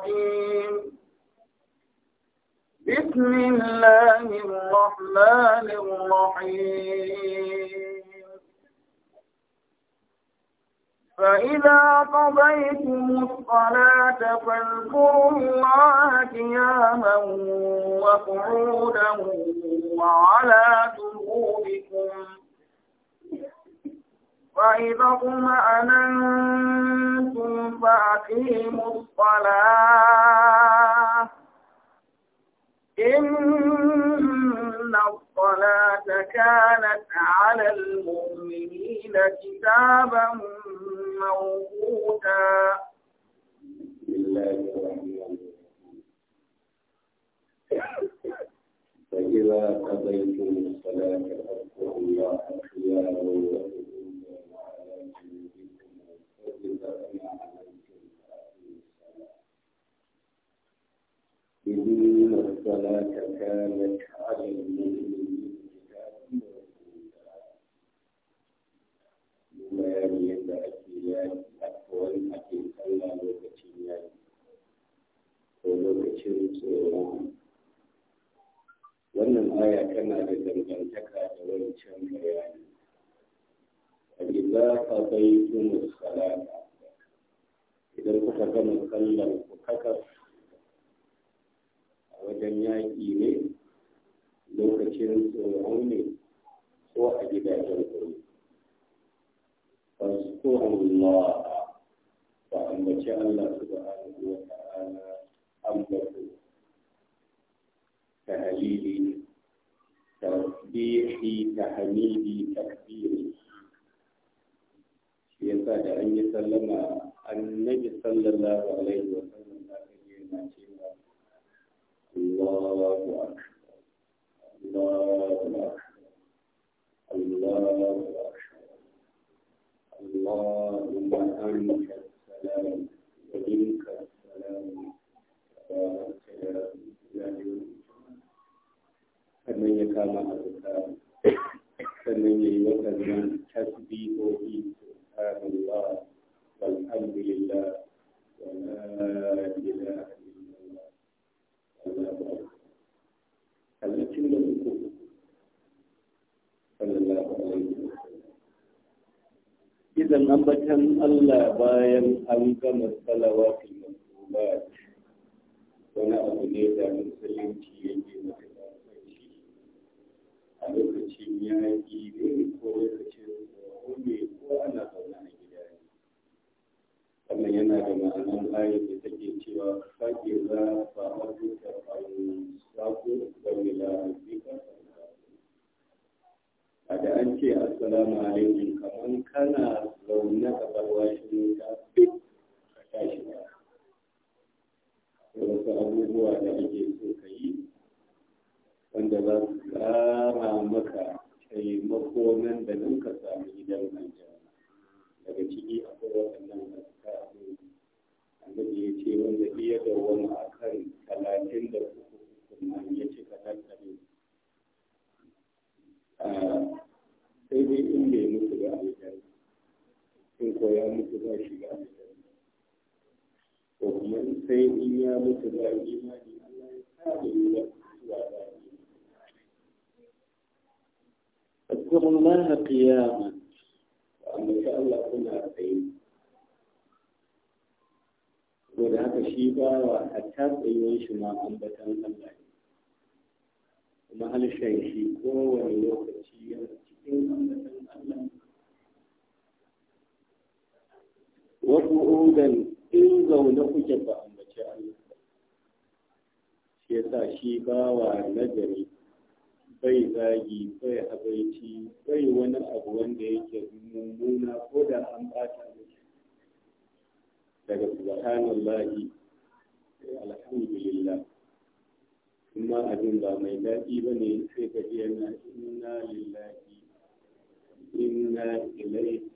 الرحيم بسم الله الرحمن الرحيم فإذا قضيتم الصلاة فاذكروا الله قياما وقعودا وعلى جنوبكم فإذا طمأننتم فأقيموا الصلاة إن الصلاة كانت على المؤمنين كتابا موقوتا فإذا قضيتم الصلاة فاذكروا الله خيارا وقعودا إن الصلاة كانت على المؤمنين bayani yadda ake ake kalla lokacin ko lokacin tsoro wannan aya tana da dangantaka da wancan bayani فإذا قضيتم Idan kuka كنت كما صلى wajen yaƙi ne lokacin tsoro ne ko a gidajen kuri fasukurullah ba ambaci Allah subhanahu wa ta'ala ambatu tahlili tasbihi tahmidi takbiri shi yasa da an yi sallama annabi sallallahu alaihi wa sallam da kake yana ce الله أكبر الله أكبر الله أكبر اللهم أنت السلام ومنك السلام تبارك يا إله sannan ya kama a tsakanin sannan ya yi waɗannan tasbihohi subhanallah walhamdulillah wa la ilaha bayan an gama salawatul ba wani abu ne da musulunci ya matuƙa sarki a lokacin ya yi ne ko lokacin tsoro ne ko ana zaune a gida ne wannan yana da ma'anar ayar da take cewa faƙi za a fa abuka fa sako ga mila rabbika a da an ce assalamu alaikum kamar kana zaune a barwashin wuta a tashi ba da wasu abubuwa da ake so ka yi wanda za su kama maka taimako nan da nan ka samu gidan aljanna daga ciki akwai waɗannan askarun annabi ya ce wanda iya da wani akan talatin da uku kuma ya cika tattare. sai dai in bai mutu ba aljanna in ko ya mutu ba shiga ko kuma sai in ya mutu ba imani Allah ya sa da yiwa zuwa ba ta Allah قياما وأما شاء الله kuma harshen shi kowane lokaci yana cikin ambatan Allah wasu qu'udan in zaune kuke ba ambace Allah shi yasa shi bawa nagari bai zagi bai habaici bai wani abu wanda yake mummuna ko da an bata shi daga subhanallahi alhamdulillah kuma abin ba mai daɗi ba ne sai ka ji yana inna lillahi inna ilaihi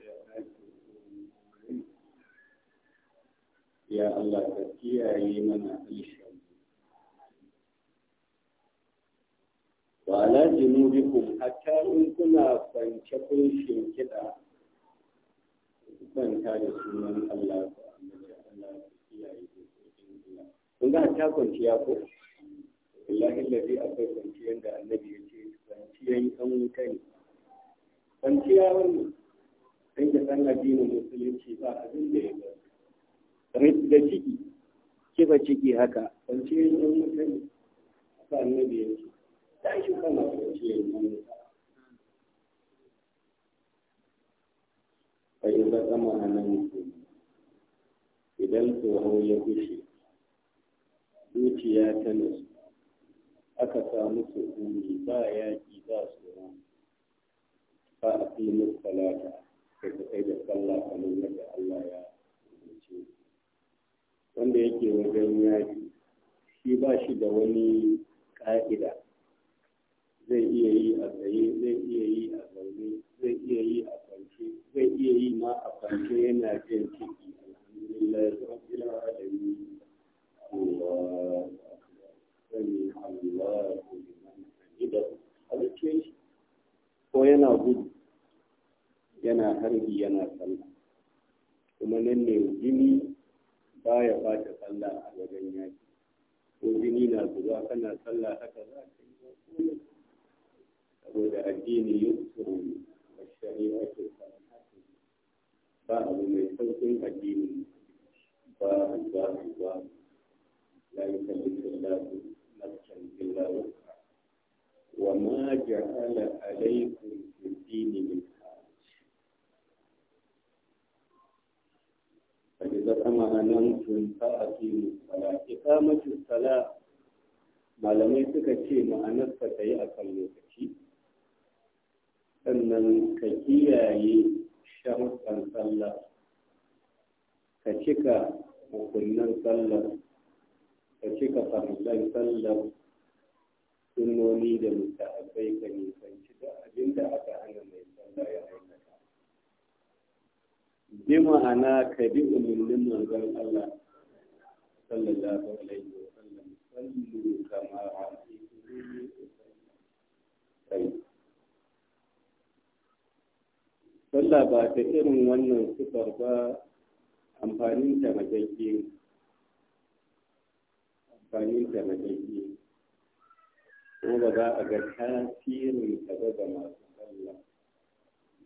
ya Allah ka kiyaye mana ala junubikum hatta in kuna kwance kun kwanta da sunan Allah ku amma Allah ku kiyaye kun ga hatta kwanciya ko illahi lafi akwai kwanciyar da annabi ya ce kwanciyar yan wuta ne kwanciya wannan don san addinin musulunci ba abin da ya ba da ciki kifa ciki haka kwanciyar yan wuta ne haka annabi ya ce shi kana kwanciyar yan wuta bai ba zama a nan idan tsoro ya gushe zuciya ta nasu aka samu sukuni ba yaƙi ba tsoron ba a filin salata da ta kai da sallah kamar yadda Allah ya umarci wanda yake wajen yaƙi shi ba shi da wani ƙa'ida zai iya yi a tsaye zai iya yi a zaune zai iya yi a kwance zai iya yi ma a kwance yana jin ciki alhamdulillah rabbil alamin Allah ko yana gudu yana harbi yana sallah kuma nan ne jini ya bata sallah a wajen yaki ko jini na zuwa kana sallah haka za ka yi saboda addini ya yusuru wa shari'atu ba abu mai saukin addini ba ba ba la yukallifu Allahu إلا وقع وما جعل عليكم في الدين من حاج فإذا كما أنتم فأقيموا الصلاة إقامة الصلاة malamai suka ce ma'anarsa ta yi a kan lokaci sannan ka kiyaye sharuɗan sallah ka cika hukunnan sallar ka cika farillan sallar sunnoni da mutahabbai ka nisanci da abin da aka hana mai sallah ya aikata bi ma'ana ka bi umarnin manzon Allah sallallahu alaihi wa sallam sallu kama ra'aytu sallah ba ta irin wannan sifar ba amfanin ta madaki amfanin ta kuma ba a ga tasirin kaza ga masu sallah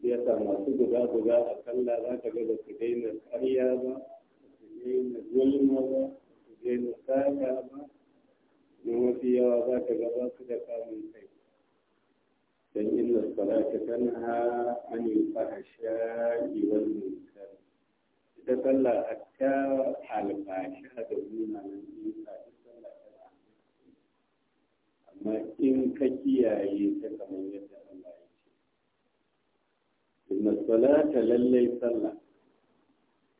ya sa masu guda guda a sallah za ka ga da su daina karya ba su daina zulma ba su daina saka ba don mafi yawa za ka ga ba su da kamun kai don inna salata tanha an yi fahasha wal munkar ita sallah hatta alfasha da munanan isa ma in ka kiyaye ta kamar yadda Allah ya ce inna salata lallai sallah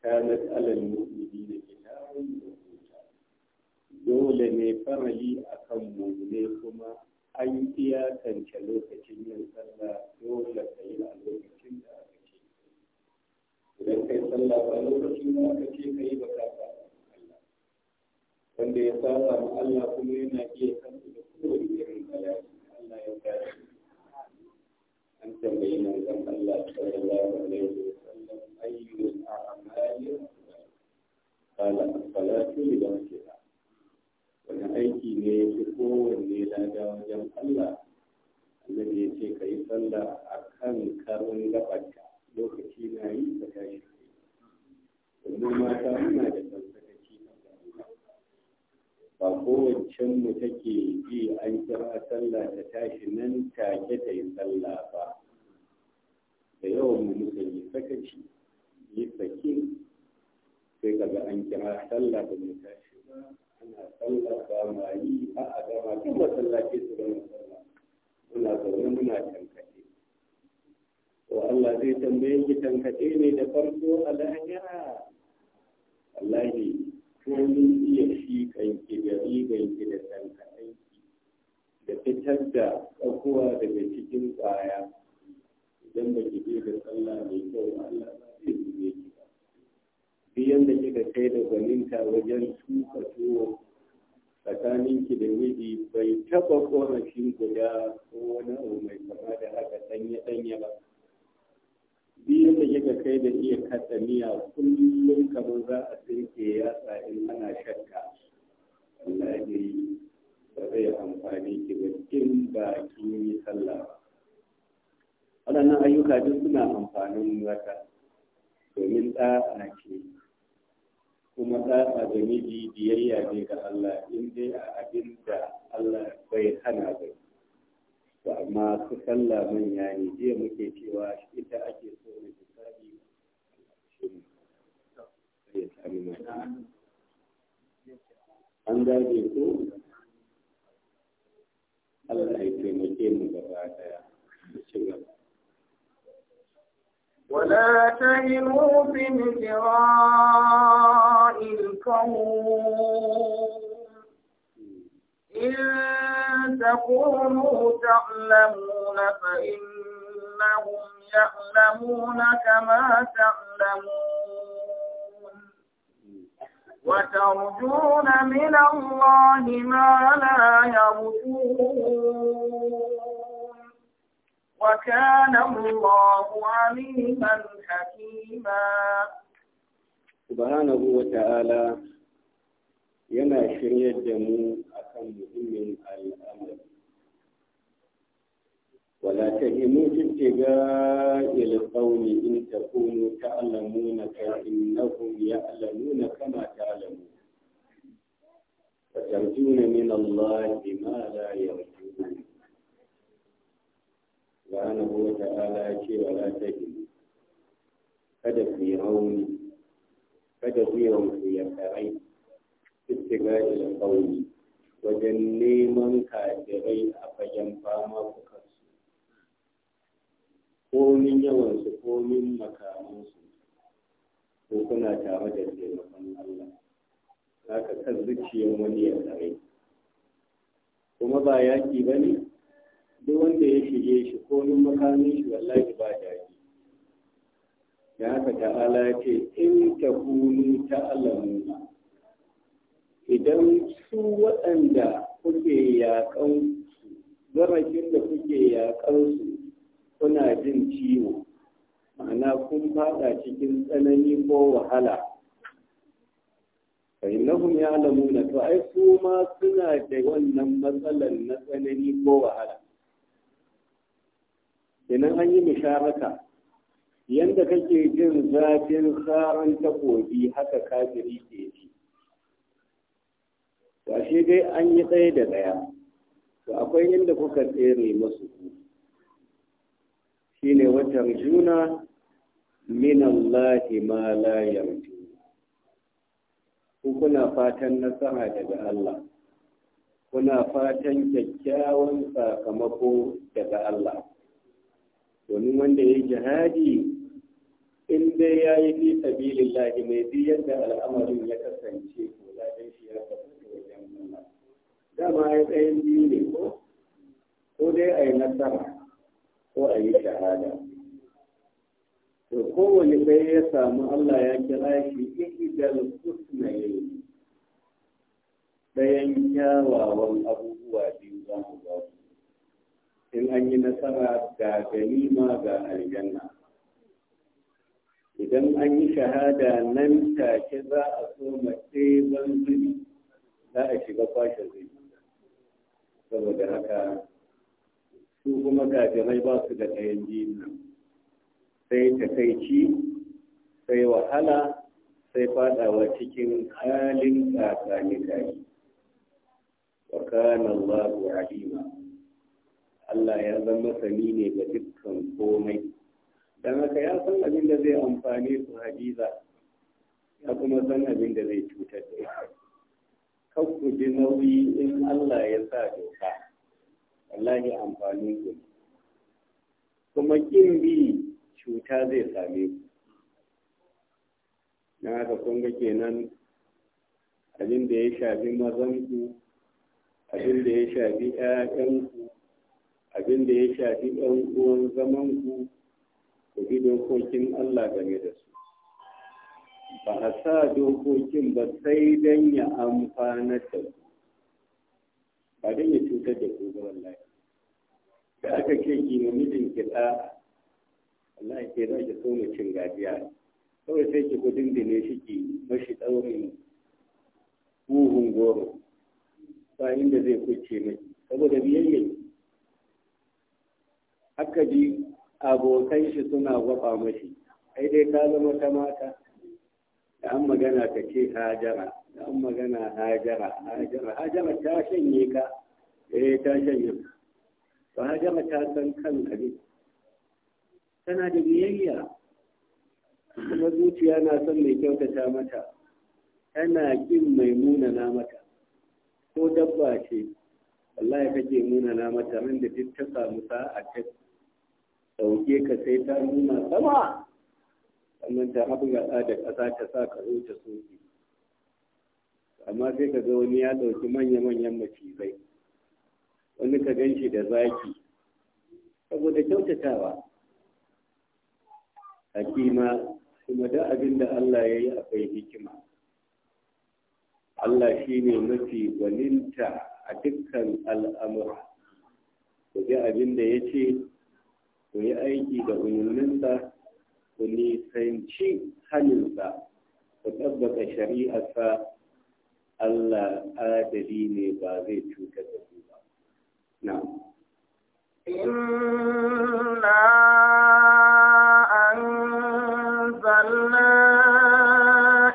kanat alal mu'minina kitabun mawquta dole ne farali akan mu'mine kuma an iyakance lokacin yin sallah dole ka yi a lokacin da aka ce idan kai sallah ba lokacin da aka ce ka yi ba ka wanda ya saba ma Allah kuma yana iya kansa da kowane irin bala'i Allah ya kare an tambayi manzon Allah sallallahu alaihi wa sallam ayyul a'mali qala as-salatu li ba. wani aiki ne ya fi kowanne lada wajen Allah annabi ya ce ka yi sallah a kan karin gabarka lokaci na yi ka tashi wannan mata muna da sallah ba kowaccen mu take ji an kira sallah ta tashi nan take ta yi sallah ba da yawan mu muka yi sakaci yi sakin, sai kaga an kira sallah ba mu tashi ba ana sallah ba ma yi a a gama duk masallaci su gama sallah muna zaune muna tankaɗe to Allah zai tambaye ki tankaɗe ne da farko a lahira wallahi komin iya shi kanki da riganki da sankaɗanki da fitar da tsakuwa daga cikin ƙwaya idan ba ki da sallah mai kyau Allah ba zai buge ki ba duk kika kai da gwaninta wajen tuka tuwo tsakaninki da miji bai taɓa ƙorafin guda ko wani abu mai kama da haka ɗanye-ɗanye ba biyan da kika kai da iya kada miya kullum kamar za a ke yatsa in ana shakka yi ba zai amfani ki ba kin ba ki yi sallah ba waɗannan ayyuka duk suna amfanin zaka domin ɗa'a ke. kuma ɗa'a da miji biyayya ne ga Allah in dai a abin da Allah bai hana bai to amma su sallah manya ne jiya muke cewa ita ake so na hisabi ya sami mata an gaje ko Allah ya taimake mu gaba daya mu ci gaba ولا تهنوا في ابتغاء القوم إن تكونوا تعلمون فإنهم يعلمون كما تعلمون وترجون من الله ما لا يرجون وكان الله عليما حكيما سبحانه وتعالى yana shiryar da mu akan muhimmin al'amari ولا تهموا في ابتغاء القوم إن تكونوا تعلمون فإنهم يعلمون كما تعلمون وترجون من الله ما لا يرجون سبحانه وتعالى شيء ولا تهموا kada ku yi rauni kada ku yi rauni ya karai ibtigail qawmi wajen neman kafirai a fagen fama ku kansu komin yawan su komin makaman su ko kuna tare da taimakon Allah haka kan zuciyar wani ya tare kuma ba yaki ba ne duk wanda ya shige shi komin makamin shi wallahi ba daji da haka ta'ala ce in ta kunu ta alamuna idan su waɗanda kuke yaƙan zarafin da kuke yaƙan su kuna jin ciwo ma'ana kun faɗa cikin tsanani ko wahala fahimmahum ya lamuna to ai su ma suna da wannan matsalar na tsanani ko wahala idan an yi misharaka yadda kake jin zafin tsaron takobi haka kafiri ke ji Ba shi dai an yi tsaye da ɗaya to akwai inda kuka tsere masu shine watan juna min Allah ma la yarju ku kuna fatan nasara daga Allah kuna fatan kyakkyawan sakamako daga Allah domin wanda ya jihadi in dai ya yi fi sabilillahi mai biyar da al'amarin ya kasance ko da shi ya kasance dama ya tsayin biyu ne ko ko dai a yi nasara ko a yi shahada to kowane ɗaya ya samu Allah ya kira shi ihdal husnayn ɗayan kyawawan abubuwa biyu za mu ba su in an yi nasara ga ganima ga aljanna idan an yi shahada nan take za a so mace ban zubi za a shiga kwashe zubi saboda haka su kuma gajirai ba su da ɗayan biyun nan sai takaici sai wahala sai fadawa cikin halin kakani kai wa kana Allahu alima Allah ya zama sani ne ga dukkan komai don haka ya san abin da zai amfani su hadiza ya kuma san abin da zai cutar da ita ku ji nauyi in Allah ya sa doka wallahi amfani ku kuma kin bi cuta zai same ku na haka kun kenan abin da ya shafi ku abin da ya shafi ku abin da ya shafi 'yan uwan zamanku ku bi dokokin Allah game da su ba a sa dokokin ba sai don ya amfana da ku ba don ya cutar da ku ba wallahi da aka ce ki ma mijin ki da wallahi ke za ki so cin gajiya kawai sai ki ku da shi ki mashi tsaurin huhun goro ba inda zai kuce mai saboda biyayya haka ji abokan shi suna gwaba mashi ai dai ka zama ta mata magana ta ce hajara an magana hajara hajara hajara ta shanye ka eh ta shanye ba hajara ta san kan ne tana da biyayya kuma zuciya na son mai kyautata mata tana kin mai munana mata ko dabba ce wallahi kake na mata nan da duk ta samu sa'a ta sauke ka sai ta nuna sama sannan ta ya da ƙasa ta sa ka zo ta soke amma sai ka ga wani ya ɗauki manya-manyan macizai wani ka gan shi da zaki saboda kyautatawa hakima kuma da abin da Allah ya yi akwai hikima Allah shi ne mafi gwaninta a dukkan al'amura ku ji abin da ya ce ku yi aiki da umarninsa اللي فينشي خلفا فتبقى شريعة الله آدليني بازيت شو كتبوا نعم إنا أنزلنا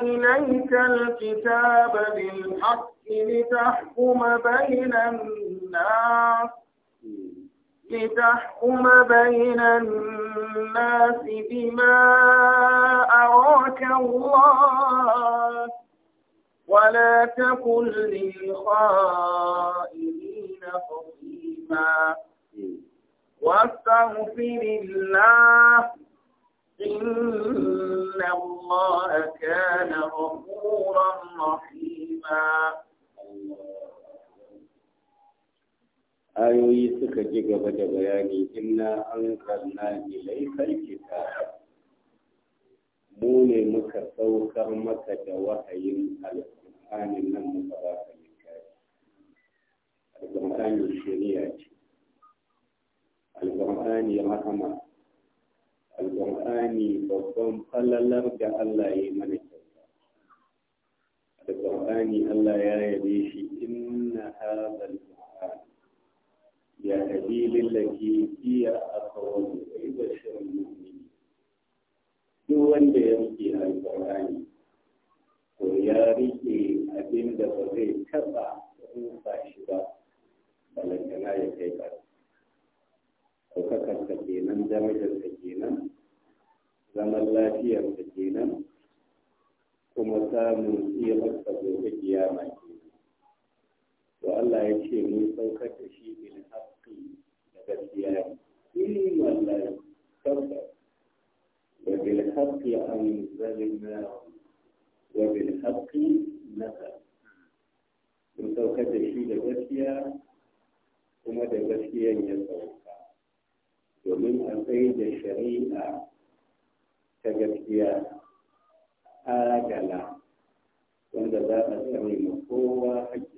إليك الكتاب بالحق لتحكم بين الناس لتحكم بين الناس بما أراك الله ولا تكن للخائنين خصيما واستغفر الله إن الله كان غفورا رحيما ayoyi suka ji gaba da bayani inna an karna ilaikar kita mu ne muka saukar maka da wahayin alƙur'anin nan muka ba ka littafi alƙur'ani shari'a ce alƙur'ani rahama alƙur'ani babban falalar da Allah ya yi mana kyauta alƙur'ani Allah ya yabe shi inna hadal يا سبيل التي هي أقوم ويبشر المؤمنين دون da ya rike alƙur'ani to ya rike abin da ba zai taɓa rufa shi ba balantana ya kai ƙarfi ɗaukakarsa kenan damajarsa kenan zaman da kenan kuma samun tsirar sa gobe to Allah ya ce mun saukar da shi bil haqqi da gaskiya ni wallahi tabbas wa bil haqqi anzalna wa bil haqqi nazal mun saukar da shi da gaskiya kuma da gaskiyan ya sauka domin a tsaye da shari'a ta gaskiya agala wanda za a tsare ma kowa haƙƙi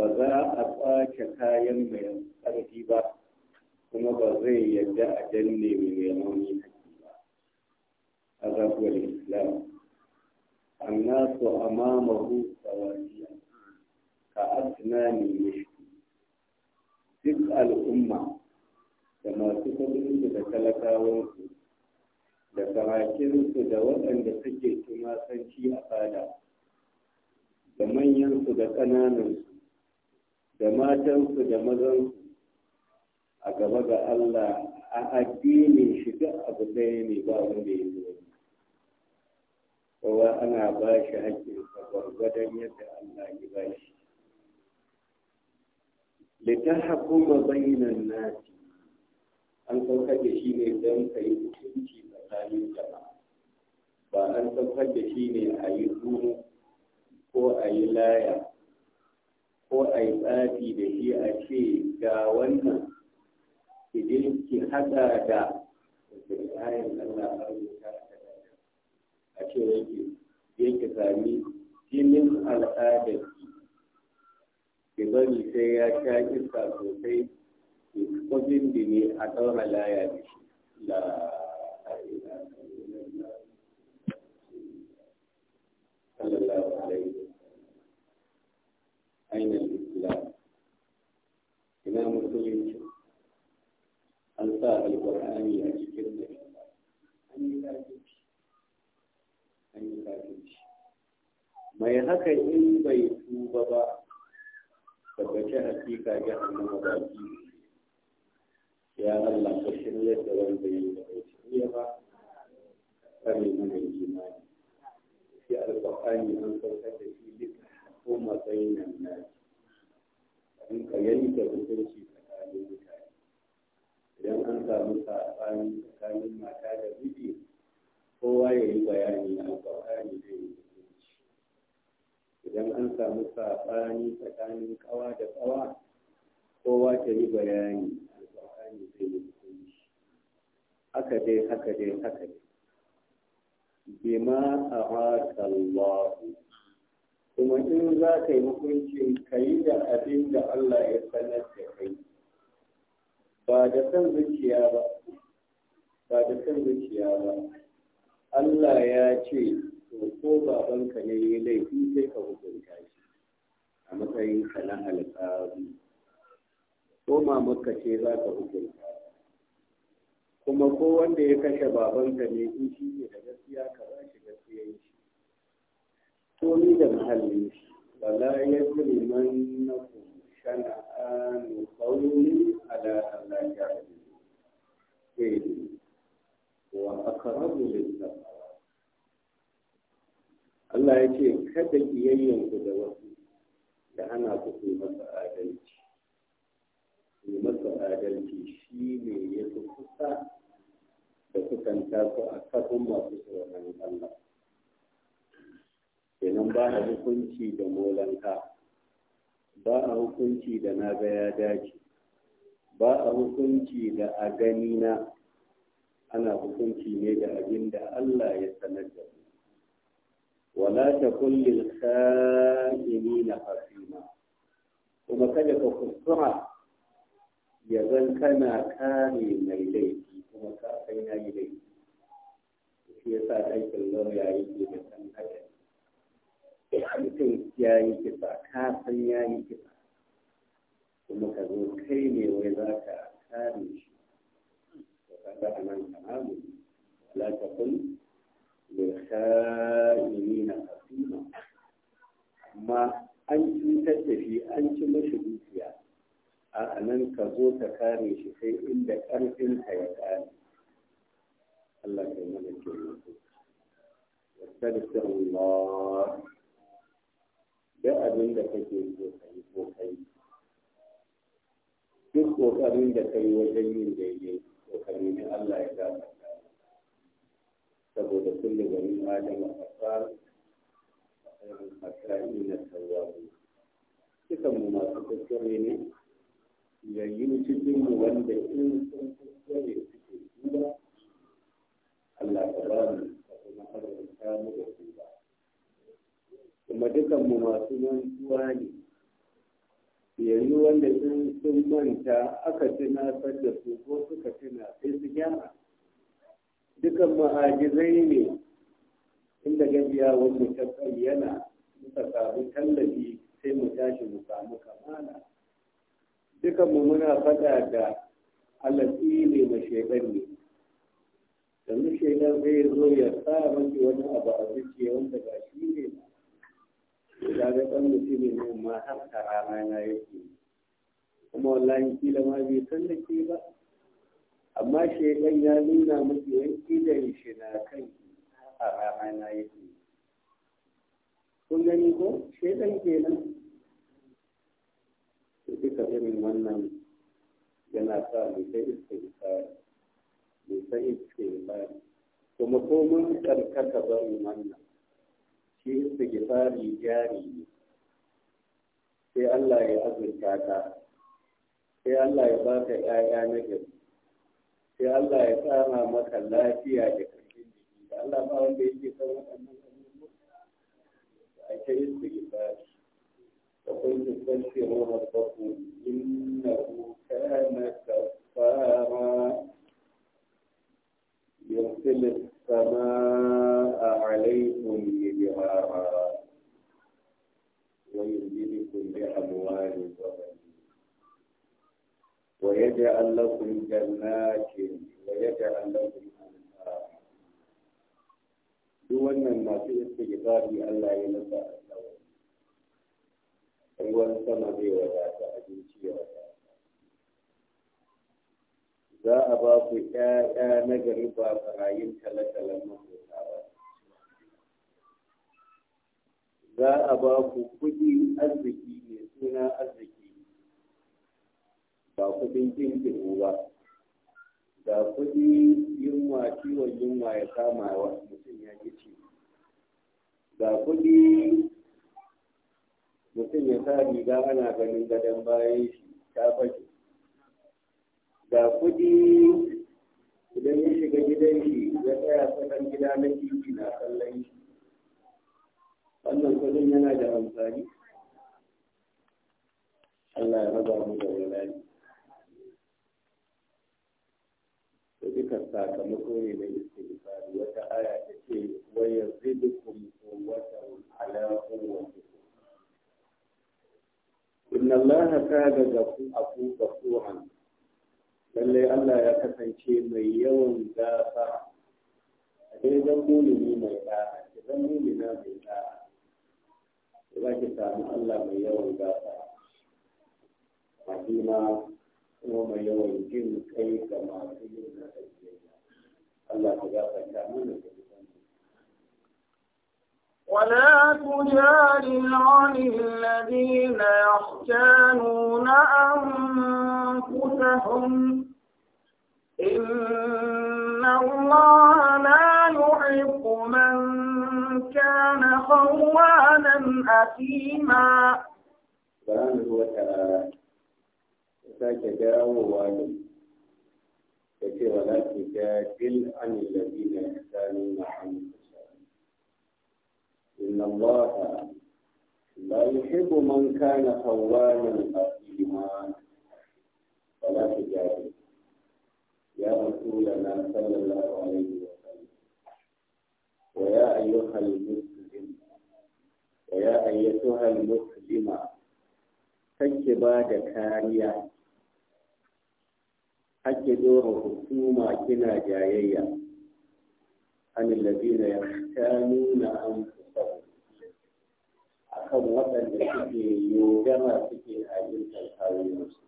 ba za a kwace kayan mai ƙarfi ba kuma ba zai yadda a danne mai neman ba a zafuwar islam an nasu amamahu tsawariya ka asnani mishki duk al'umma da masu kudinsu da talakawansu da sarakinsu da waɗanda suke tumasanci a fada da manyansu da ƙananansu da matansu da mazansu a gaba ga Allah a addinin shi duk abu ɗaya ne ba wanda ya zo kowa ana ba shi haƙƙinsa gwargwadon yadda Allah ya ba shi litahkuma bainan nasi an saukar da shi ne don ka yi hukunci tsakanin jama'a ba an saukar da shi ne a yi ko a yi laya ko a yi tsafi da shi a ce ga wannan ki ki haɗa da ayin Allah a rubuta a ce yake je ki sami jinin al'adarki ki bari sai ya sha iska sosai ki kwabin ne a ɗaura laya da shi أين الإسلام إلى مسلم ألقى القرآن يشكرنا أن يكاتب أن يكاتب ما يهكا إن بيتوب با فبكى حقيقة جهنم باكي يا الله فشرية دوان بيتوب ba kare mana imani sai alƙur'ani an saukar da hukuma bainan nas in ka yanke hukunci tsakanin mutane idan an samu sabani tsakanin mata da miji kowa ya yi bayani alƙur'ani zai yi hukunci idan an samu sabani tsakanin ƙawa da ƙawa kowa ta yi bayani alƙur'ani zai yi hukunci haka dai haka dai haka dai bima a Allah kuma in za ka yi hukuncin ka yi da abin da Allah ya sanar da kai ba da san zuciya ba ba da san zuciya ba Allah ya ce to ko babanka ne ya laifi sai ka hukunta shi a matsayin ka na alƙali ko mamarka ce za ka hukunta kuma ko wanda ya kashe babanka ne in shi ne da gaskiya ka ba shi gaskiyan shi komi da muhalli wala ya jiri man na kushana a nufauni da Allah ya rabu eh, wa Allah ya ce kada kiyayyanku da wasu da ana ku ku masa adalci ku masa adalci shi ne ya fi kusa da kusanta ku a kafin masu tsoron Allah kenan ba a hukunci da molanka ba a hukunci da na ga ya dace ba a hukunci da a gani na ana hukunci ne da abin da Allah ya sanar da mu wala ta kullil kha'inina hasima kuma kada ka kuskura ya zan kana kare mai laifi kuma ka kai na yi laifi shi yasa aikin lauya yake da san ya yi kisa ka san ya yi kisa kuma ka zo kai ne wai za ka kare shi to ka ga a nan ka haramu la ta kun lil kha'inina qasima amma an cutar tattafi an ci mashi dukiya a nan ka zo ka kare shi sai inda ka ya kare Allah ka yi mana taimako. Wasu da Allah duk abin da kake so ka yi ko ka yi duk ƙoƙarin da ka yi wajen yin daidai ko ka Allah ya gafarta saboda kullu bani adama a fasar ayyukan hasani na tawwabu dukan mu masu kuskure ne yayin cikin mu wanda in sun kuskure suke duba Allah ta ba mu ka kuma haɗa da mu da kuma mu masu mantuwa ne yanzu wanda sun sun manta aka tunatar da su ko suka tuna sai su gyara dukan ma'ajizai ne inda gajiya wanda ta bayyana muka samu tallafi sai mu tashi mu samu kamala dukanmu muna faɗa da alatsi ne ma shaidan ne yanzu shaidan zai zo ya sa maki wani abu a zuciya wanda ga shi ne ba ya ga ɗan mutum ne ma har ta rana na yake kuma wallahi kila ma bai san da ke ba amma shekan ya nuna miki yanki da shi na kan a rana na yake kun gani ko ke kenan da duka irin wannan yana sa mai ta istighfar mai ta istighfar kuma ko mun karkata ba wannan shi istighfari jari ne sai Allah ya azurta ka sai Allah ya ba ka ƴaƴa na gari sai Allah ya tsara maka lafiya da ƙarfin jiki da Allah ba wanda yake son waɗannan abubuwa a ta istighfari da kun tsaye wa rabbakum innahu kana ghaffara يرسل السماء عليكم مدرارا ويمددكم بأموال وبنين ويجعل لكم جنات ويجعل لكم أنهارا دون ما في استجدار الله ينفع الأول ruwan السماء zai wadata za a ba ku ‘ya'ya na gari ba barayin talatalan makota ba. Za a ba ku kuɗi arziki mai suna arziki ba kuɗin jinkin ba. Ga kuɗi yunwa ciwon yunwa ya kama wa mutum ya ci. Ga kuɗi mutum ya sa riga ana ganin gadon bayan shi ta fashe. da kuɗi idan ya shiga gidan shi ya tsaya sakan gida na titi na kallon shi wannan kudin yana da amfani Allah ya raba mu da wulali da duka sakamako ne na istighfari wata aya ta ce wa yazidukum quwwatan ala quwwatikum inna allaha kana ghafurun lallai Allah ya kasance mai yawan gafa a dai zan mai da'a ki zan mumina mai da'a ki za ki samu Allah mai yawan gafa ma kuma mai yawan jin kai ga masu yin na Allah ka gafarta mana da ولا تجادل عن الذين يختانون أنفسهم إن الله لا يحب من كان خوانا أثيما سبحانه وتعالى sake dawowa ne da ce wa la tujadil an alladhina إن الله لا يحب من كان خوانا أثيما ولا تجاهل يا رسولنا صلى الله عليه وسلم ويا أيها المسلم ويا أيتها المسلمة تجبا كاريا حتى دور حكومة كنا jayayya عن الذين يختانون أنفسهم kan waɗanda suke yogama suke hajjintar kayoyinsu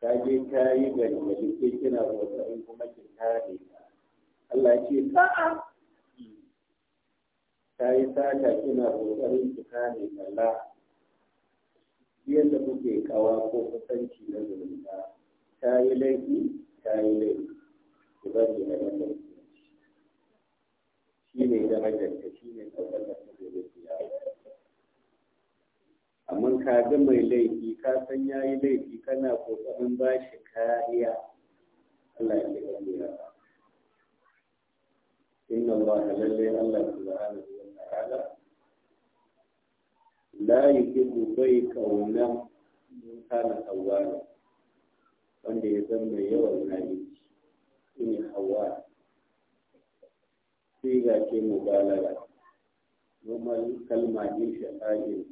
ta je ta yi gargaɗi ke kina in kuma ki kare Allah ce sa'a ta yi sata kina kokarin ki kare kalla yadda kuke kawa ko kusanci na zumunta ta yi laifi ta yi laifi ki bari na laifi shi ne da majalta shi ne ɗaukar da ta zai amma ka ga mai laifi ka san ya yi laifi kana kokarin ba shi kariya Allah ya shiga ba in Allah ya lalle Allah subhanahu wa ta'ala la yuhibbu bai kauna mun kana tawwala wanda ya zama mai yawan nayi shine hawa sai ga ke mubalaga normal kalma din shafa'in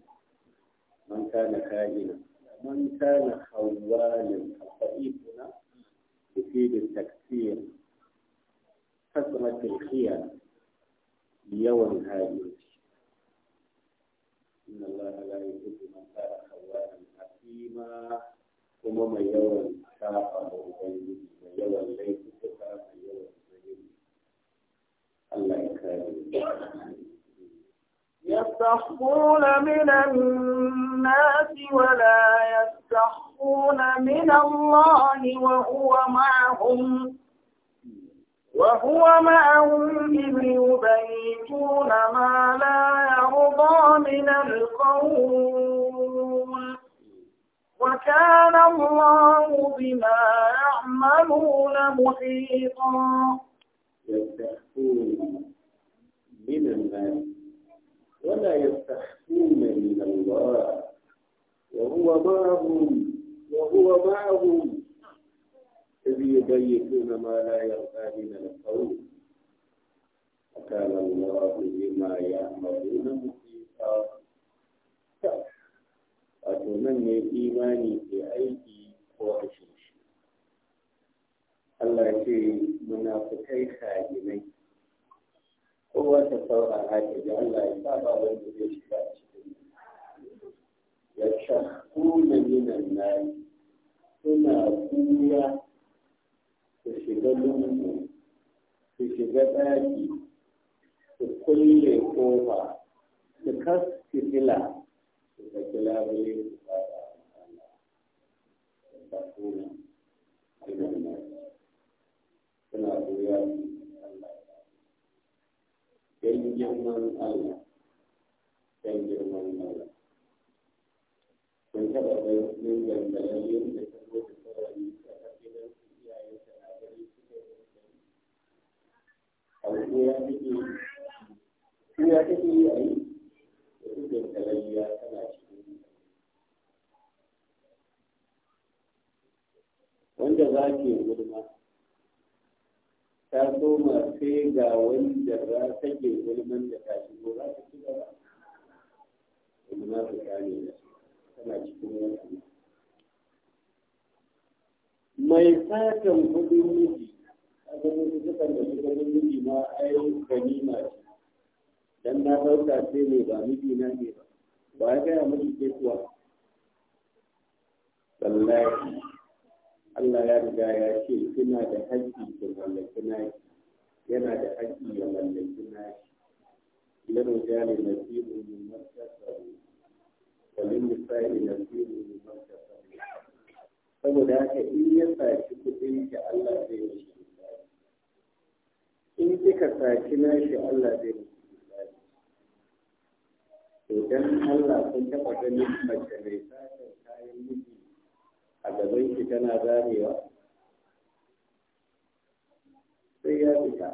من كان كائنا من كان خوالا الضعيفنا يفيد التكثير كثرة الخيار يوم هاجر إن الله لا يحب من كان خوالا أثيما kuma mai yawan shafa da ubangiji mai yawan laifuka mai yawan zalimi Allah ya kare يستخفون من الناس ولا يستخفون من الله وهو معهم وهو معهم إذ يبيتون ما لا يرضى من القول وكان الله بما يعملون محيطا يستخفون من الناس ولا يستخفون من الله وهو معهم وهو معهم إذ يبيتون ما لا يرضى من القول وكان الله بما يعملون محيطا wato nan ne imani ke aiki ko rashin shi Allah ya ce munafukai kajinai kowa ta saurara ta ji Allah ya sa ba wanda zai shiga cikin ya shakku na minan nayi suna kuya su shiga lungu su shiga ɗaki su kulle kofa su kaskitila su saki labule su fada a suna kuya su don girman Allah don girman Allah kun taɓa bai mun da ta zo da sarari ta tafi don su iyayen ta na gari su kai da gari abu yi. take su ya take yi a yi da su gangalar ya tana cikin wanda za ke gurma ta koma sai ga wanda za ta ke gulman da ta shigo za ta ci gaba da tana cikin wani mai satan kudin miji a gaban su sukan da kudin miji ma ai ganima ce dan na ɗauka sai ne ba miji na ne ba ba ya gaya miji ke kuwa Allah ya riga ya ce kina da haƙƙi ki mallaki shi, yana da haƙƙi ya mallaki naki lanu jali nasibu min maktasabu wa lin nisa'i nasibu min maktasabu saboda haka in ya saki kuɗin ki Allah zai mishi misali in kika saci nashi Allah zai mishi misali to dan Allah sun taɓa ganin mace mai satan kayan miji a gaban shi tana zarewa sai ya fita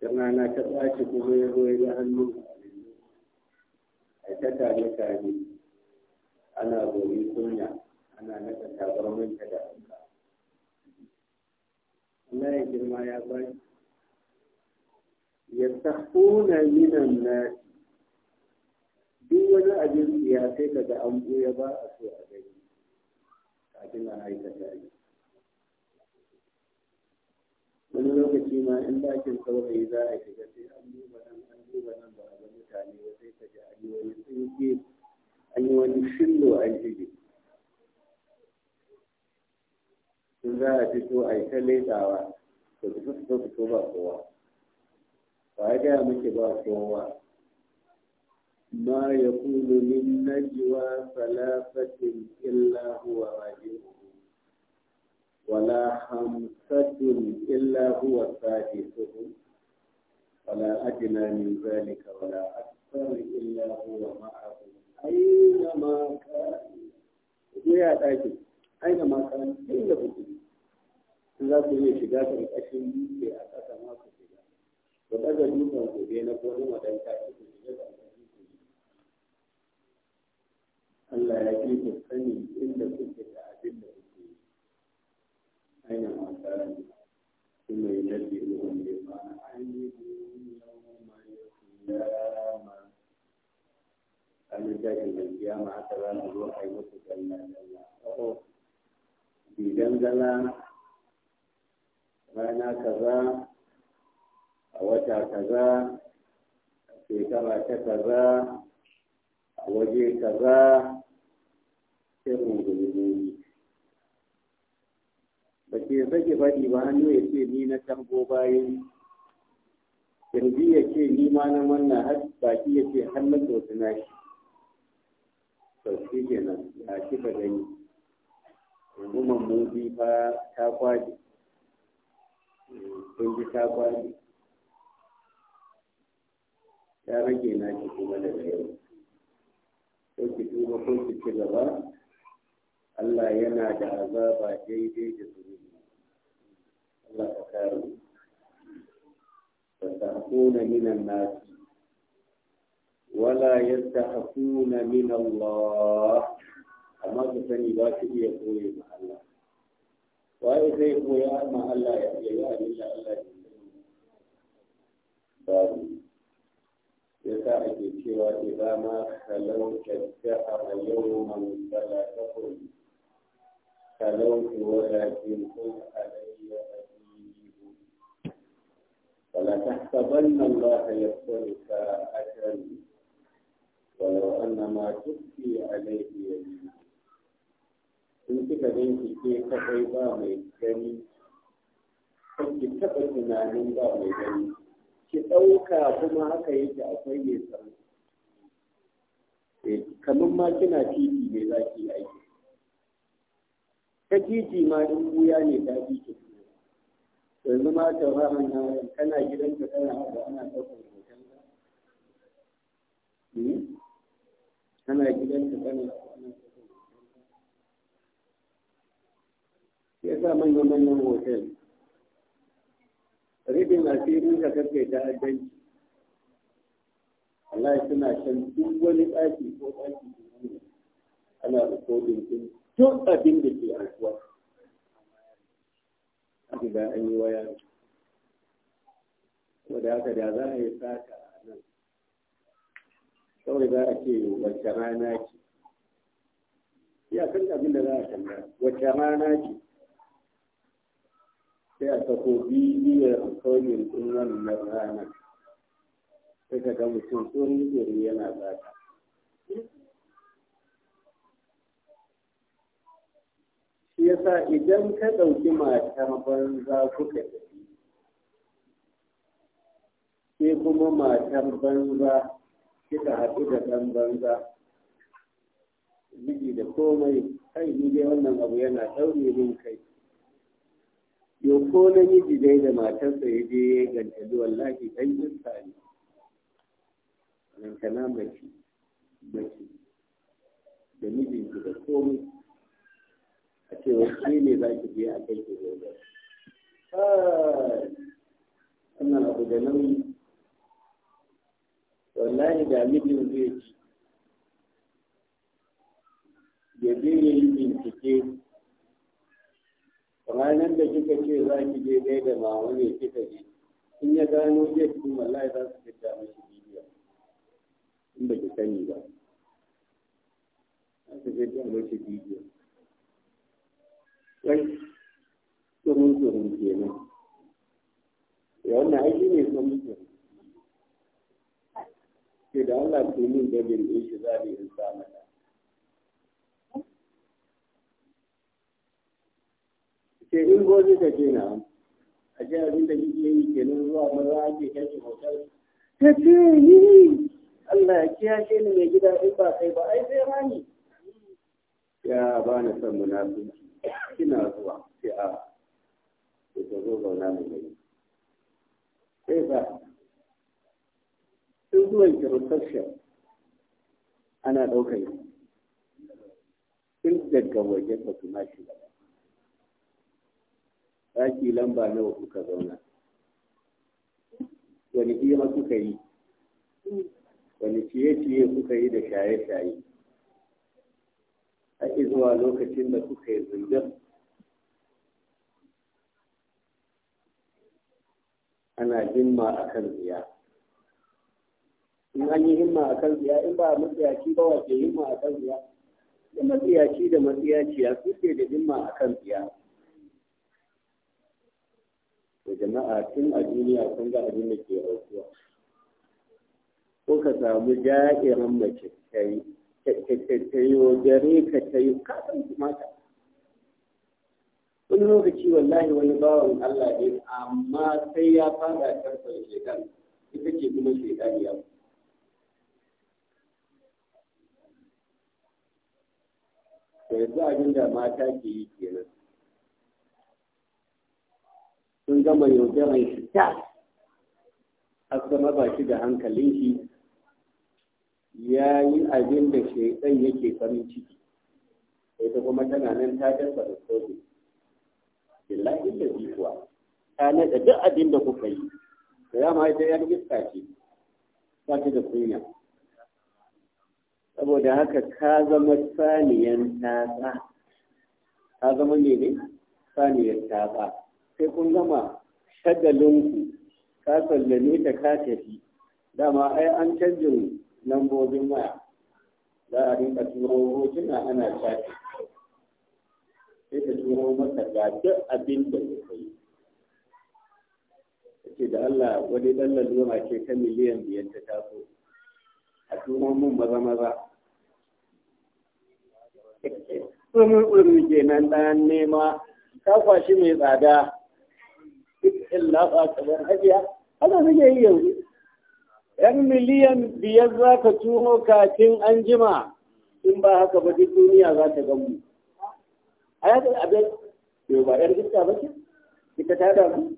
tana na ta ɓaci kuma ya zo ya hannu a ta tare tare ana gobe kunya ana naka manta da hanka Allah ya girma ya bai ya sahuna minan nasi duk wani abin ya sai daga an ya ba a so a gani kafin a aikata shi wani lokaci ma in ɗakin saurayi za a shiga sai an duba nan an duba nan ba a ga mutane ba sai ka ji an yi wani tsinke an yi wani shillo an shige in za a fito a yi ta leƙawa to su fito ba kowa ba a gaya muke ba kowa ما يكون من نجوى ثلاثة إلا هو رابعهم ولا خمسة إلا هو سادسهم ولا أدنى من ذلك ولا أكثر إلا هو معهم أينما كان يا داكي أينما كان إلا هو za ku iya shiga ƙarƙashin dutse a ƙasa ma ku shiga. Ku ɗaga dutsen ku na ko kuma ɗan tashi ku shiga da Allah ya ke ku sani inda kuke da abin da kuke yi. Aina masara ne, kuma yi lalle ruwan da ba na ainihin yawon mai kuyama. Ranar jakin da kiyama aka za su zo a yi musu galla-galla. Oh, bidan gala rana kaza a wata kaza shekara ta kaza a waje kaza sai rungumi nuni ba ke sake faɗi ba hannu ya ce ni na tarbo bayan kirji ya ce ni ma na manna har baki ya ce hannu na tsotsi shi to shi kenan ya kika gani runguman mubi fa ta kwaje kun ji ta kwaje ta rage na shi kuma daga yau ko ki tuba ko ki ci gaba Allah yana da azaba daidai da zunubi Allah ka kare تستحقون من الناس ولا يستحقون من الله أما تسني باكي يقول مع الله waye zai koya ma Allah ya yi abin da Allah ya yi babu yasa ake cewa idza ma kalau kadda'a yawman fala taqul kalau walakin qul alayya ajibu fala tahsabanna Allah yaquluka ajran walau anna ma tukfi alayhi yamin in kika ganki ke kadai ba mai gani Ko ki taɓa tunanin ba mai gani ki ɗauka kuma haka yake akwai mai tsaro eh, kamar ma kina titi ne za ki aiki ta titi ma ɗin buya ne ta titi yanzu ma ta mun na kana gidanka kana haka ana ɗaukar hoton ka hmm? kana gidanka kana ana ɗaukar hoton ka ya sa manyan manyan hotel ribin asirin da kake ta addanci Allah ya suna shan duk wani ɗaki ko ɗaki ana rikodin din duk abin da ke aukuwa a ga an yi waya ko da haka da za a yi saka a nan kawai za a ce wacce rana ce iyakan abin da za a tambaya wacce rana ce sai a sako bibiyar alkawalin sunan na ranar sai ka ga mutum tsoron tsiri yana zata shi yasa idan ka ɗauki matar banza kuka tafi sai kuma matar banza kika haɗu da ɗan banza miji da komai kai ni dai wannan abu yana ɗaure min kai To ko namiji dai da matarsa ya je ya gantali wallahi dan ne nan kana mace mace da mijinki da komai a ce wani ne za ki je a kai ki gobe wannan abu da nauyi wallahi da mijin zai ci ya je ya yi bincike ranar da kika ce za ki je dai da mama ne kika je in ya gano zai fi wallahi za su fita mashi bidiyon in ba ki sani ba za su fita mashi bidiyon wai tsoron tsoron kenan ya wannan aiki ne tsoron tsoron ke da Allah ku min gabin ɗin shi za a yi in sa mata ce in gobe ka ce na a ce abin da kike yi ke nan zuwa maza ake kashe hotel ta ce ni Allah ya kiyashe ni mai gida in ba kai ba ai sai rani ya ba na son munafiki kina zuwa sai a ku ta zo zauna mai gari sai ba in zuwan ki reception ana ɗaukar in daga waje ka kuma shi ba ɗaki lamba nawa kuka zauna wani hira kuka yi wani ciye-ciye kuka yi da shaye-shaye a zuwa lokacin da kuka yi zungar ana himma a kan ziya in an yi himma a kan ziya in ba a matsiyaci ba ke himma a kan ziya da matsiyaci da matsiyaciya suke da himma a kan ziya da jama'a tun a duniya kun ga abin da ke aukuwa ko ka samu da'irin mace ta yi ta gare ka ta yi kasan mata wani lokaci wallahi wani bawan Allah ne amma sai ya fada karfin shekaru ita ce kuma shekaru ya yanzu abin da mata ke yi kenan sun gama yaudaran shi ta har zama ba shi da hankalin shi ya yi abin da shaidan yake farin ciki ita kuma tana nan ta jasa da sobe billahi da zikuwa ta naɗa duk abin da kuka yi da yama ita yar iska ce ba ta da kunya saboda haka ka zama saniyan tatsa ka zama ne ne saniyan tatsa sai kun gama shagalinku ka sallame ta ka tafi dama ai an canjin lambobin waya za a rinka turo hotuna ana shafi sai ta turo masa ga duk abin da ya kai. ce da Allah wani ɗan lalura ce ta miliyan biyar ta taso a turo mun maza maza tsumi tsumi kenan ɗan nema ka mai tsada in lafa kamar hajiya haka suke yi yanzu yan miliyan biyar za ka tuho kafin an jima in ba haka ba duk duniya za ta gamu a yadda abin yau ba yan iska ba ce ita ta damu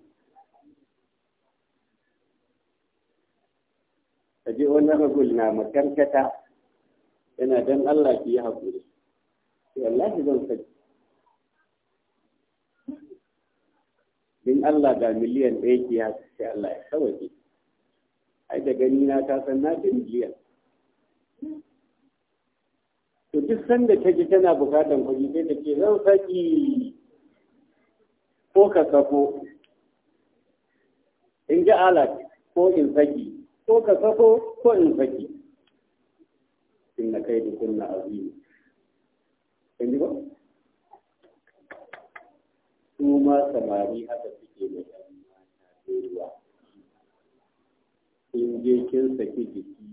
ka je wani ragul na makarkata yana don Allah ki yi haƙuri wallahi zan saki Allah ga miliyan ɗaya ke ya sai Allah ya kawai ai da gani na ta san na fi miliyan to duk sanda ta ji tana bukatan kuɗi sai ta ce zan saki ko ka sako in ji alat ko in saki ko ka sako ko in saki in na kai da kunna azimi in ji ba su ma samari haka ke mata ruwa. In je kin saki jiki,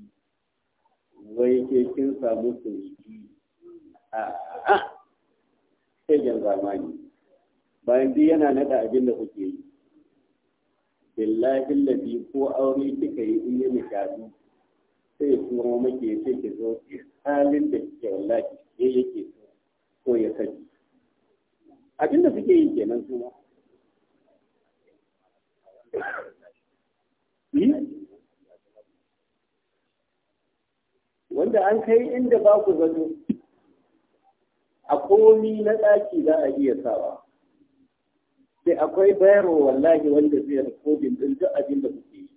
wai ke kin samu kunshi a'a shagen zamani bayan duk yana nada abin da kuke yi billahi labi ko aure kika yi in yi nishadu sai kuma muke sai ki zo halin da kike wallahi ke yake so ko ya saki abin da suke yi kenan su ma Hmm? wanda an kai inda ba ku zato a komi na daki za a iya sawa sai akwai bayarwa wallahi wanda zai rikodin din duk abin da kuke yi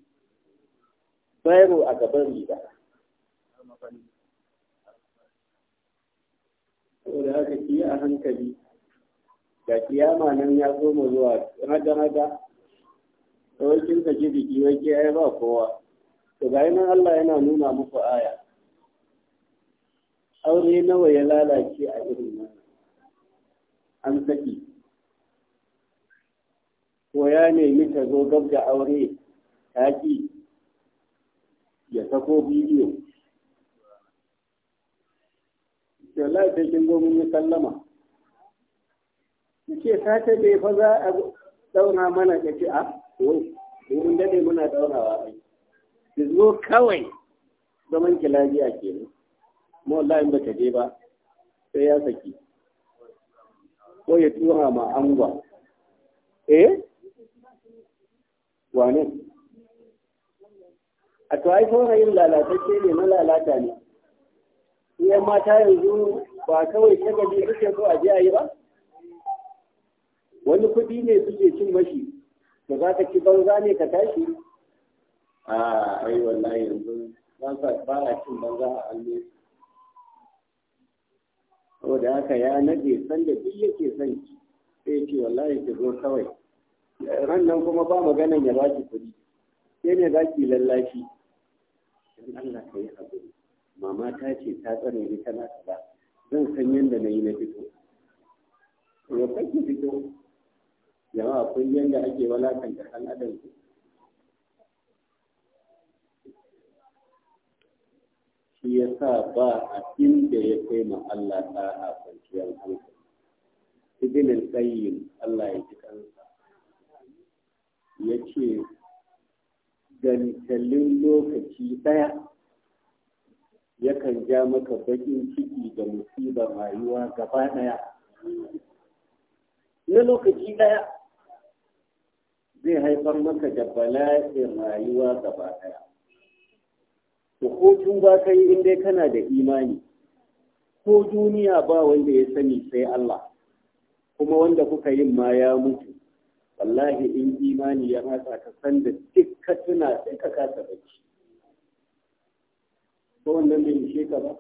a gaban riga saboda haka ki a hankali ga kiyama nan ya zo mu zuwa raga-raga wai kin saki jiki wai ke ai ba kowa to ga nan Allah yana nuna muku aya aure nawa ya lalace a irin nan an saki ko ya nemi ta zo gab da aure taki, ya sako bidiyo da lafiya kin zo mun yi sallama ce ta bai fa za a zauna mana ka a ah, mun dade muna daurawa ai ki zo kawai zaman ki lafiya ne mu wallahi ba ta je ba sai ya saki ko ya tura ma angwa eh wane a to ai yin lalatacce ne na lalata ne iya mata yanzu ba kawai shagali suke so a je a yi ba wani kuɗi ne suke cin mashi to za ka ci banza ne ka tashi a ai wallahi yanzu ba a cin banza a allo saboda haka ya nade sanda duk yake son ki sai ce wallahi ki zo kawai ran nan kuma ba maganan ya ba ki kuɗi sai ne za ki lallashi in Allah ka yi haƙuri mama ta ce ta tsare ni tana ba. zan san yadda na yi na fito ya kai ki fito jama'a kun yadda ake walakanta ɗan adam shi ya sa ba a inda ya kai ma Allah ta a kwanciyar hankali ibn tsayin, Allah ya ji kansa ce dantalin lokaci ɗaya yakan ja maka baƙin ciki da musibar rayuwa gaba ɗaya. na lokaci ɗaya. zai haifar maka da bala'in rayuwa gaba ɗaya to ko tuba kai in dai kana da imani ko duniya ba wanda ya sani sai Allah kuma wanda kuka yin ma ya mutu wallahi in imani ya matsa ka san da duk ka tuna sai ka kasa bacci ko wannan bai ishe ka ba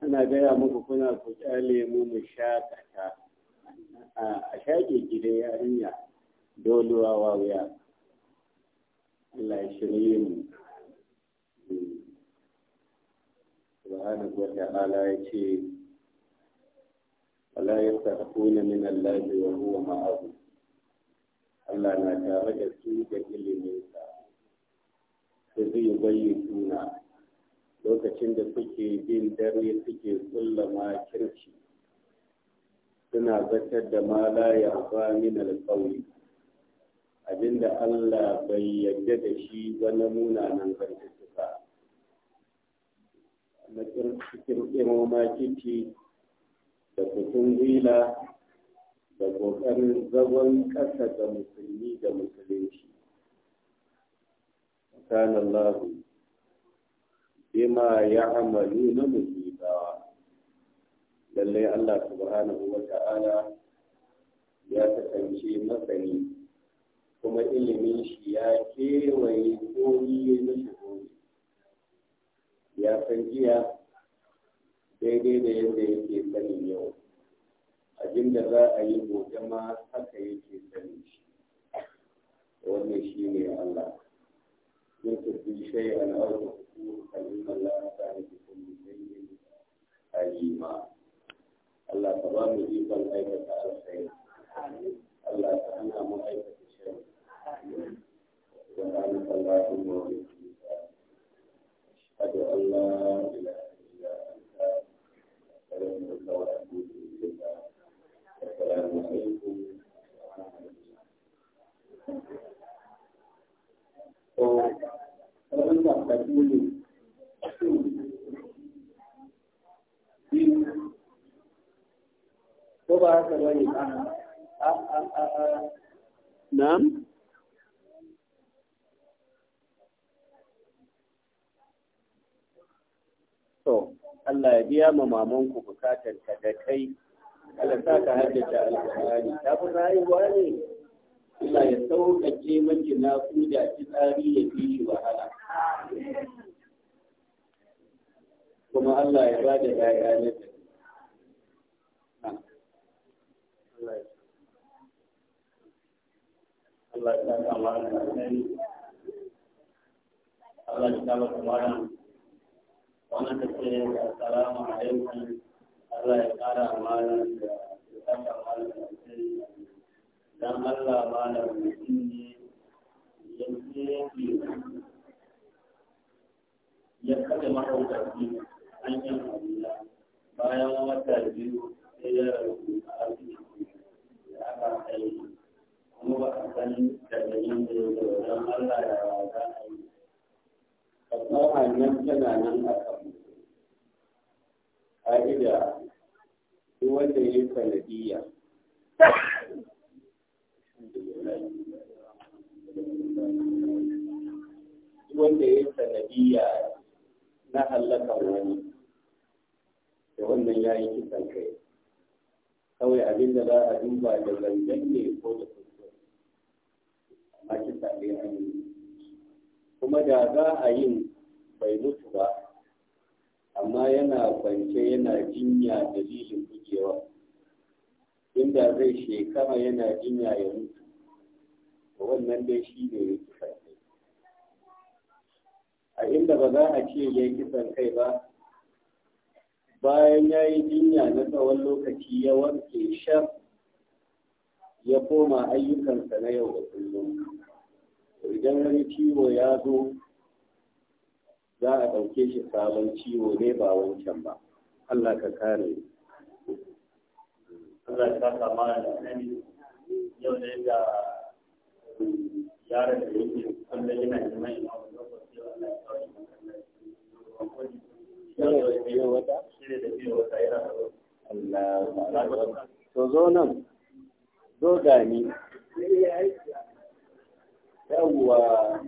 ana gaya muku kuna ku kyale mu mu shakata a shaƙe gidan yarinya doluwa wa wuya Allah ya shirye mu subhanahu wa ta'ala ya ce wala yastahquna min Allah wa huwa ma'ahu Allah na tare da su da sa. su zai bayyana lokacin da suke bin dare suke sullama kirci suna zakar da ma la yarda min alqawli abinda Allah bai yarda da shi ba na munanan zartuka na kirkiro kici da kutun wila da ƙoƙarin zagon ƙasa ga musulmi da musulunci kan Allah bima ya amalu na musibawa lallai Allah subhanahu wa ta'ala ya kasance matsayi kuma ilimin shi ya kewaye komi ya mishi komi ya san jiya daidai da yadda yake sanin yau abin da za a yi gobe ma haka yake sanin shi wannan shi ne Allah yin fi shai an auka kuma kalimar lafiya Allah ka ba mu ikon aikata ba haka ba ne na'am to Allah ya biya ma mamanku bukatar ka da kai Allah sa ka haddace alƙur'ani ta fi rayuwa ne Allah ya sauƙaƙe miki na ku da tsari ya fi shi wahala kuma Allah ya ba da 'ya'ya na Allah ya saka wa da alheri Allah ya ya kara ya yake yi bayan wata biyu sai ya rasu kuma ba a san daga yin da za a yi. Fasahar a wanda ya yi na hallakar wani, da wannan ya yi kisan kai. Kawai abin da za a duba da zangen ne ko da kusa. a kisa ɗaya kuma da za a yi bai mutu ba amma yana kwance yana jinya dalilin gujewa inda zai shekara yana jinya ya mutu wannan dai shi ne ya kisa a inda ba za a ce ya kisan kai ba bayan ya yi jinya na tsawon lokaci ya wanke shaf ya koma ayyukansa na yau da kullum idan wani ciwo ya zo za a ɗauke shi sabon ciwo ne ba wancan ba Allah ka kare Allah ka kama da nan yau ne ga yaran da yake kullum yana jima'i mai Allah ya kawo shi Allah zo nan zo gani yawwa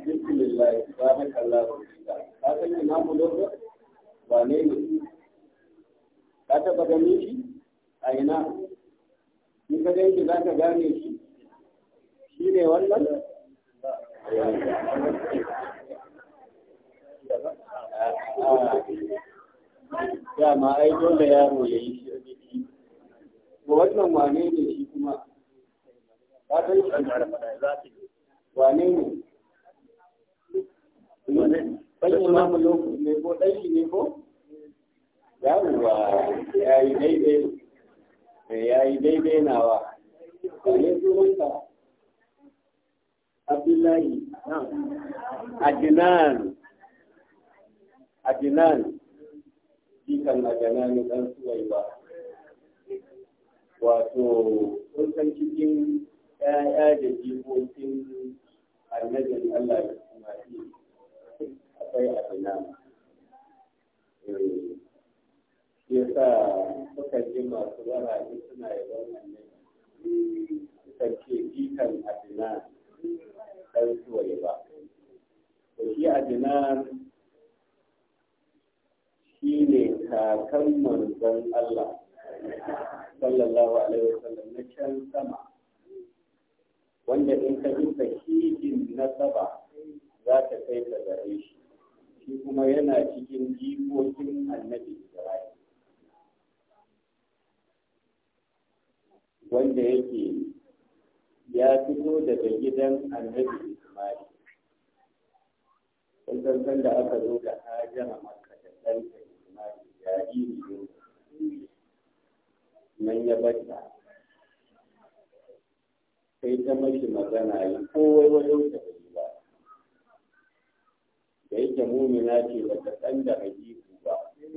bismillah barakallah ka san ina mu dole, wane ne ka taba gani shi a ina in ka gani za ka gane shi shi ne wannan ma ai dole yaro ya yi shirki wannan wane ne shi kuma ka san shi wane ne ɗan imamu lokaci ne ko ɗan shi ne ko yawwa ya yi daidai eh, ya yi daidai nawa wane sunanka abdullahi adinan adinan jikan adanani ɗan suwai ba wato sun san cikin 'ya'ya da jikokin annabin Allah da kuma yi akwai abinama. Eh, ya sa suka ji masu waraɗi suna yi wannan ne, suka ce jikan abinan ɗan suwaye ba. Da shi abinan shi ne kakan manzon Allah, sallallahu Alaihi wasallam na can sama. wanda in ka bi sahihin nasaba za ta kai ka gare shi shi kuma yana cikin jikokin annabi Ibrahim wanda yake ya fito daga gidan annabi Ismail kun san da aka zo da hajjara maka da ɗanta Ismail jariri ne nan ya bata kai ta mashi magana yi kowai wajen ta bai ba da yake mumina ce ba ta ɗan da hajiku ba da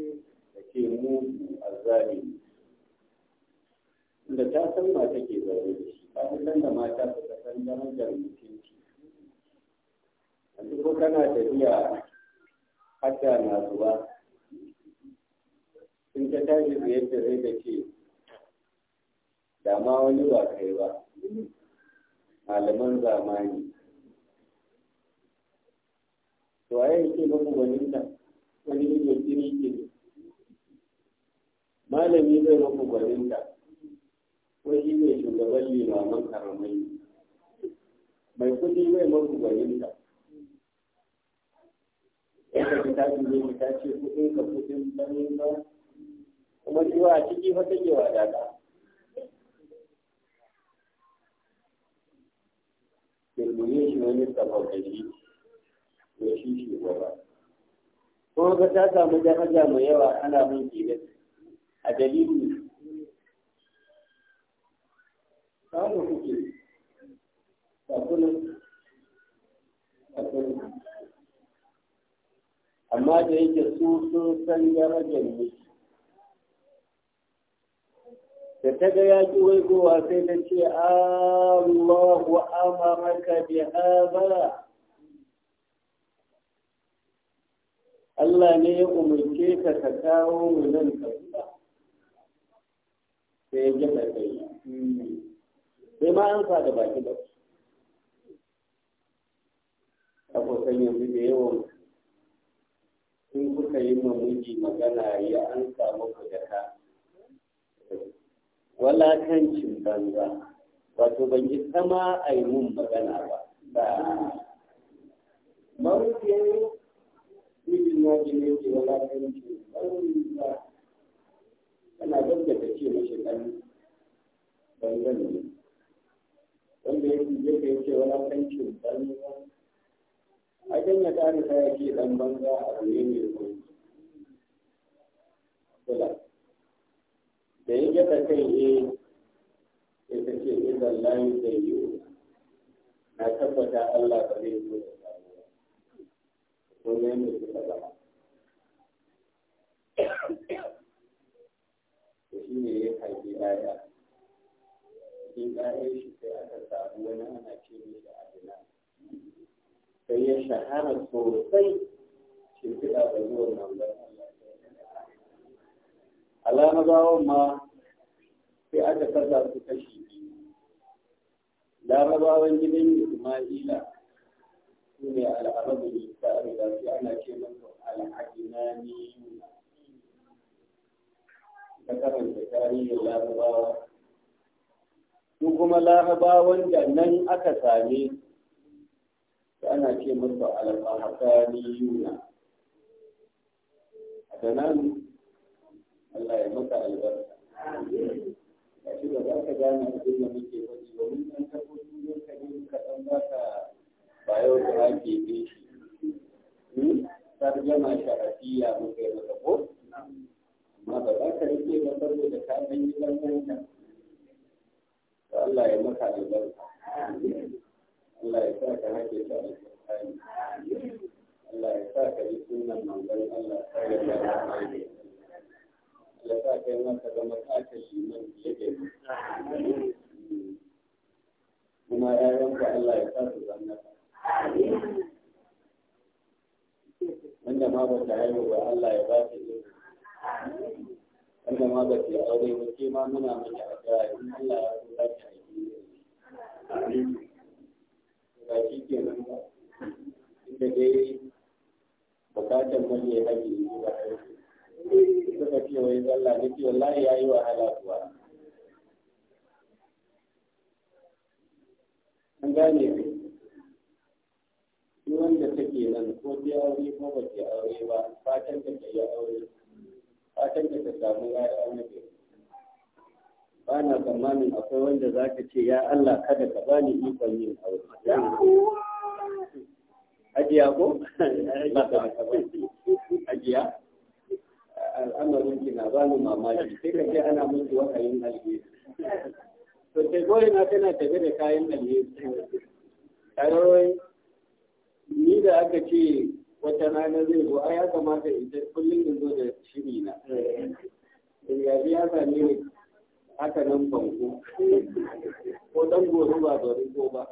ke mutu a zalimi Inda ta san mata ke zaune da shi ba san da mata su san san darajar mutunci yanzu ko kana tafiya hatta na zuwa sun ta tashi da yadda zai da ce da ma wani ba kai ba malaman zamani to a yake muku gwaninta wani ne kiri kiri malami zai muku gwaninta wani ne shugaban limaman karamai mai kudi zai muku gwaninta yadda ta tafi zai ta ce kudin ka kudin banza kuma ciwa a ciki fa ke wadata turmiye shi wani tsafaukaci da shi shi gaba ko ka ta samu daraja mai yawa ana mun kila a dalilin kawo kuke sakunan amma da yake su sun san darajar mutu da ta ga ya ki waigowa sai ta ce Allahu amaraka bi hadha Allah ne ya umarce ka ka kawo wannan nan ka sai ya gina kai sai ma an sa da baki da abokan yanzu da yawan sun kuka yi mamuji magana ya an samu ku da ka walakancin banza wato ban yi sama a yi mun magana ba ba mawuyin ibin na ji ne ke walakancin banza kana dabda da ce mashi ɗan banzan ne wanda ya fi jefa ya ce walakancin banza a kan ya ƙarisa ya ke ɗan banza a ne mai kwanci da ya gata kai ne sai ta ce idan layi zai yi na tabbata Allah ba zai zo da samuwa ko ne ne suka zama da shi ne ya haifi ɗaya cikin ɗayan shi sai aka samu wani ana ce mishi adina sai ya shahara sosai shimfiɗa da zuwan manzon alamazawan ma sai aka kasa su kashi larabawan gidan isma'ila su ne al'arabu ne ta arzika sai ana ce masu al'adinani ta karanta tarihin larabawa su kuma larabawan da nan aka same su ana ce masu al'adinani yuna a nan Allah ya maka albarka a shi za ka gane abin da muke faɗi domin ɗan tabbaci ne ka ne ka ɗan ba ka ba yau da ake ne shi hmm? a sharafiya muka yi maka ko amma ba za ka rike ba saboda ka ɗan yi ɗan Allah ya maka albarka Allah ya sa ka hake ta alƙur'ani Allah ya sa ka yi sunan manzon Allah sallallahu alaihi wa sallam kai maka zama ka ta liman fiye da ni kuma ƴaƴan ku Allah ya sa su zanna wanda ma ba ta haihu ba Allah ya ba ta ilimi wanda ma ba ta aure ba ke ma muna miki addu'a in Allah ya so za ta haihu ba shi nan ba inda dai bukatar mu ne haƙi ba yi. suka ce wai sallah da ce wallahi ya yi wahala kuwa an gane ku duk wanda take nan ko ta aure ko ba ta aure ba fatan ta ta yi aure fatan ta ta samu ya'ya annabi ba na tsammanin akwai wanda za ka ce ya Allah kada ka bani ikon yin aure ajiya ko ajiya al'amarin ki na bani mamaki sai ka ce ana miki wahayin alheri to sai goyi na tana tafi da kayan alheri karawai ni da aka ce wata rana zai zo ai ya kamata in kullum in zo da shiri na eh, ya biya ka ne haka nan banko ko dan gobe ba bari ko ba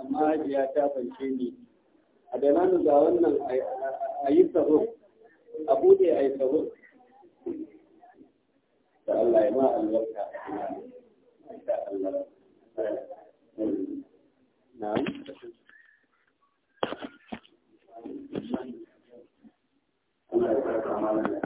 amma ya ta fance ni a da ga wannan a yi tsaro a yi da Allah ya ma albarka da Allah na'am Allah ya saka mana